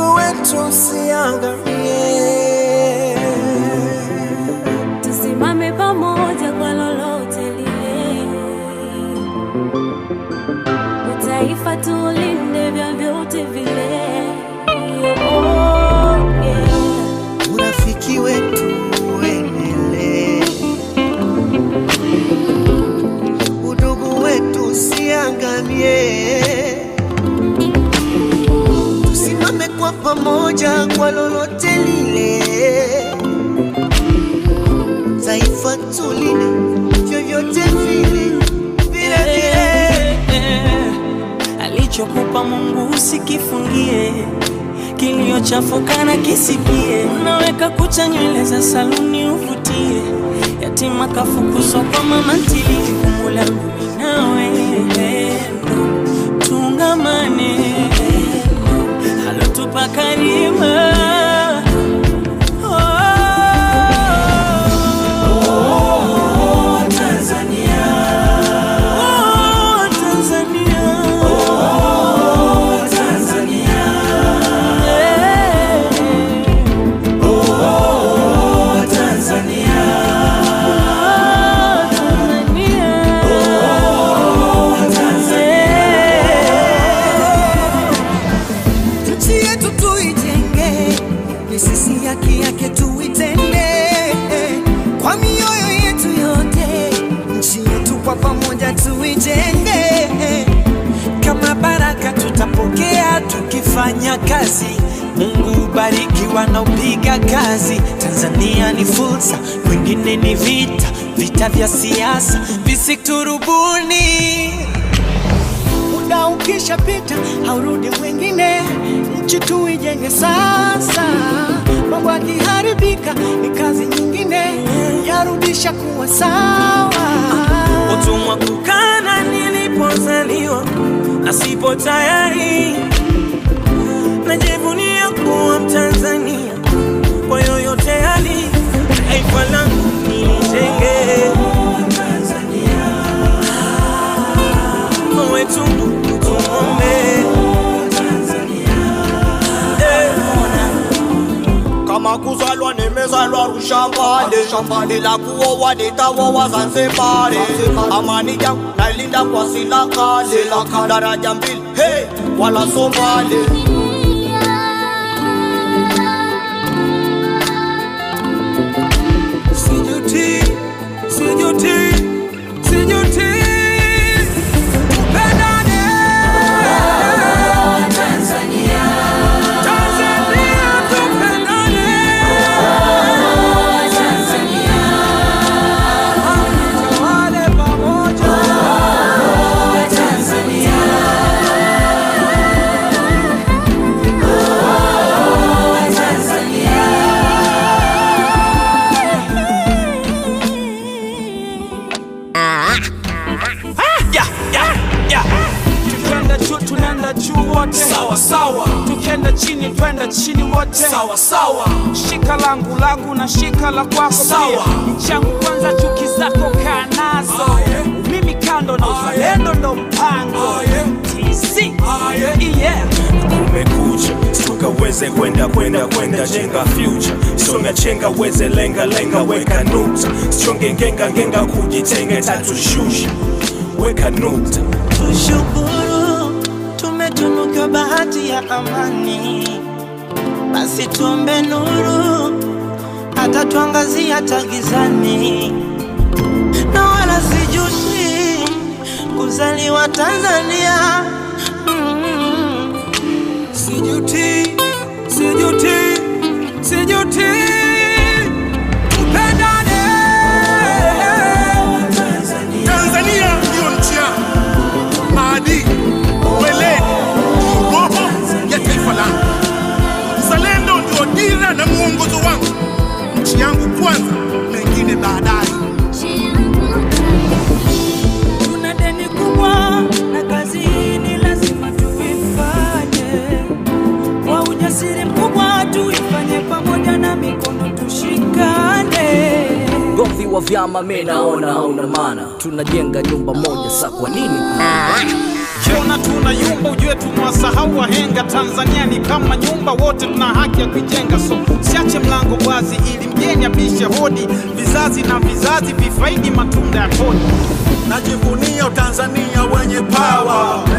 Mungu wetu usiangamie. usikifungie, kiliochafuka na kisipie. Unaweka kucha nywele za saluni uvutie, yatima kafukuzwa kwa mama ntilie. Jukumu langu mimi na wewe, ni sisi haki yake tuitende kwa mioyo yetu yote, nchi yetu kwa pamoja tuijenge. Kama baraka tutapokea tukifanya kazi. Mungu bariki wanaopiga kazi. Tanzania ni fursa, kwingine ni vita, vita vya siasa visiturubuni. Muda ukishapita haurudi mwingine nchi tuijenge sasa. Mambo yakiharibika ni kazi nyingine yarudisha kuwa sawa. Utumwa kukana nilipozaliwa, asipo tayari najivunia kuwa Mtanzania. Mama nimezaliwa Arusha pale, ila kuoa nitaoa Zanzibari. Amani yangu nailinda kwa sila kale, daraja mbili hey, wala Somali. Sijuti, sijuti juu tunaenda juu wote sawa sawa, tukenda chini twenda chini wote sawa sawa, shika langu langu na shika la kwako sawa, mchangu kwanza, chuki zako kaa nazo, mimi kando na uzalendo ndo mpango TC yeah stuka tukaweze kwenda kwenda kwenda jenga future songa chenga weze lenga lenga weka nukta sichonge ngenga ngenga kujitenge tatu shusha weka nukta tushukuru tunukiwa bahati ya amani, basi tuombe nuru atatuangazia tagizani na wala sijushi kuzaliwa Tanzania vyama, mimi naona hauna maana. Tunajenga nyumba moja, sa kwa nini kiona yumba Ujue tunawasahau wahenga. Tanzania ni kama nyumba, wote tuna haki ya kuijenga, so siache mlango wazi ili mgeni apishe hodi, vizazi na vizazi vifaidi matunda ya kodi. Najivunia Tanzania wenye pawa